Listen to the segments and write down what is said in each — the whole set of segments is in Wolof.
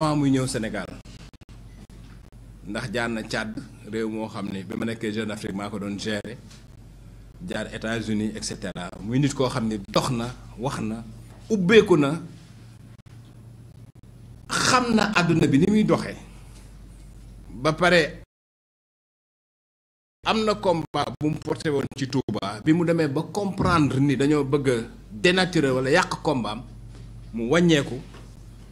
avant muy ñëw Sénégal ndax jaar na Tchad réew moo xam ne bi ma nekkee Jeune Afrique maa ko doon gérer jaar États-Unis et muy nit koo xam ne na ubbeeku na xam na bi ni muy ba pare amna na combat bu mu porté woon ci Touba bi mu ba comprendre ni dañoo bëgg dénaturer wala yàq kombaam mu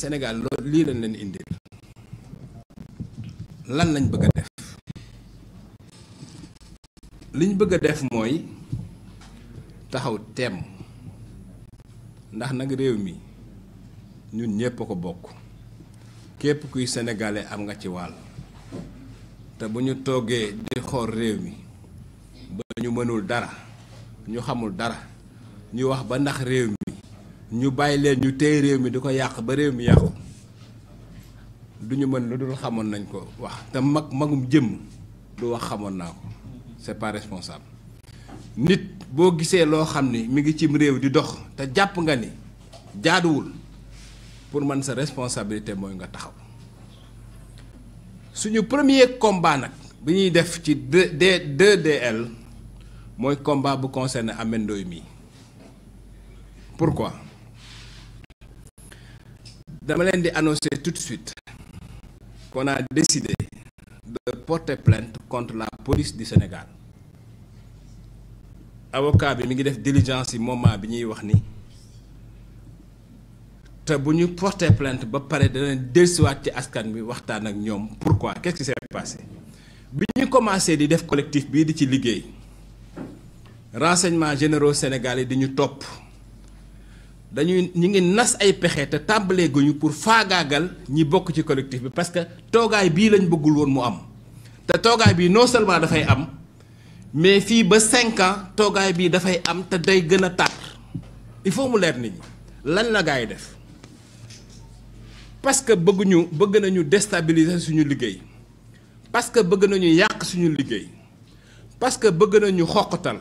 Sénégal loolu lii lañ leen indil lan lañ bëgg a def liñ bëgg a def mooy taxaw teem ndax nag réew mi ñun ñépp a ko bokk képp kuy sénégalais am nga ci wàll te bu ñu toogee di xool réew mi ba ñu mënul dara ñu xamul dara ñu wax ba ndax réew mi Nous sommes nous ñu mais réew mi y ko yàq mi Nous du nous lu nous nañ ko wax mag magum Nous nous wax xamoon c'est pas responsable. nit nous ni mi ngi réew di dox nga pour responsabilité nga taxaw suñu premier combat nous nous fait 2DL combat bu concerne pourquoi. Je annoncer tout de suite qu'on a décidé de porter plainte contre la police du Sénégal avocat bi mi diligence moment bi ñi wax ni plainte ba ci askan pourquoi qu'est-ce qui s'est passé bi commencé di def collectif bi di ci liggéey renseignements généraux sénégalais, di dañuy ñu ngi nas ay pexe te tàmbalee guñu pour faagaagal ñi bokk ci collectif bi parce que toogaay bii lañ bëggul woon mu am te toogaay bii noo seulement dafay am mais fii ba cinq toogaay bii dafay am te day gën a tar il faut mu leer nit ñi lan la gars yi def parce que bëgguñu bëgg nañu déstabiliser suñu liggéey parce que bëgg nañu yàq suñu liggéey parce que bëgg nañu xoqatal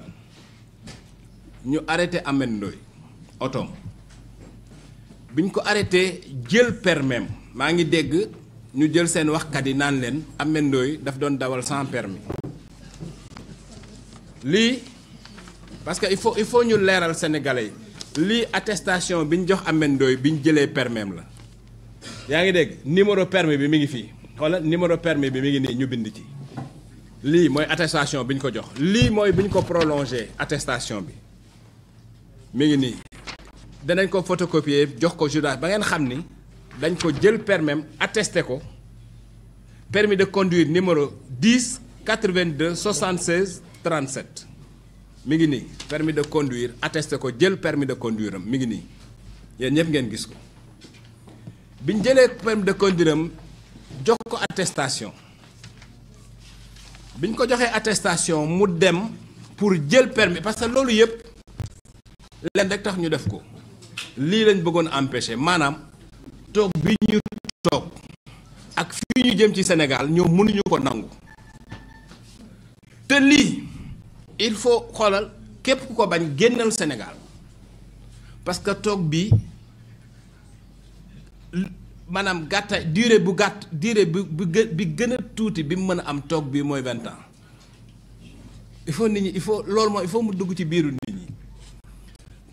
ñu arrêté Ameth Ndoye otoom biñ ko arrêté jël permis maa ngi dégg ñu jël seen waxkat dawal sans permis parce que il faut il faut ñu sénégalais yi attestation jox numéro permis bi mi ngi numéro permis bi mi ngi ñu bind attestation prolongé attestation danañ ko photocopier jox ko juge ba ngeen xamni ni dañ ko jël permis attesté ko permis de conduire numéro 10 82 76 37 mi ngi ni permis de conduire attesté ko jël permis de conduire mi ngi ni yéen ñëpp ngeen gis ko biñ jëlé permis de conduire jox ko attestation biñ ko joxé attestation mu dem pour jël permis parce que lolu yépp leen rek tax ñu def ko lii lañ bëggoon empêcher maanaam toog bi ñu toog ak fii ñu jëm ci Sénégal ñoom mënuñu ko nangu te lii il faut xoolal képp ku ko bañ génnal Sénégal parce que toog bi maanaam gàtta durée bu gàtt durée bu bi gën a tuuti bi mu mën a am toog bi mooy vingt ans il faut nit ñi il faut loolu mooy il faut mu dugg ci biiru nit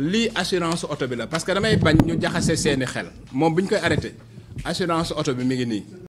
li assurance auto bi la parce que damay bañ ñu jaxase seeni xel moom bi ñu koy arrêté assurance auto bi mi ngi nii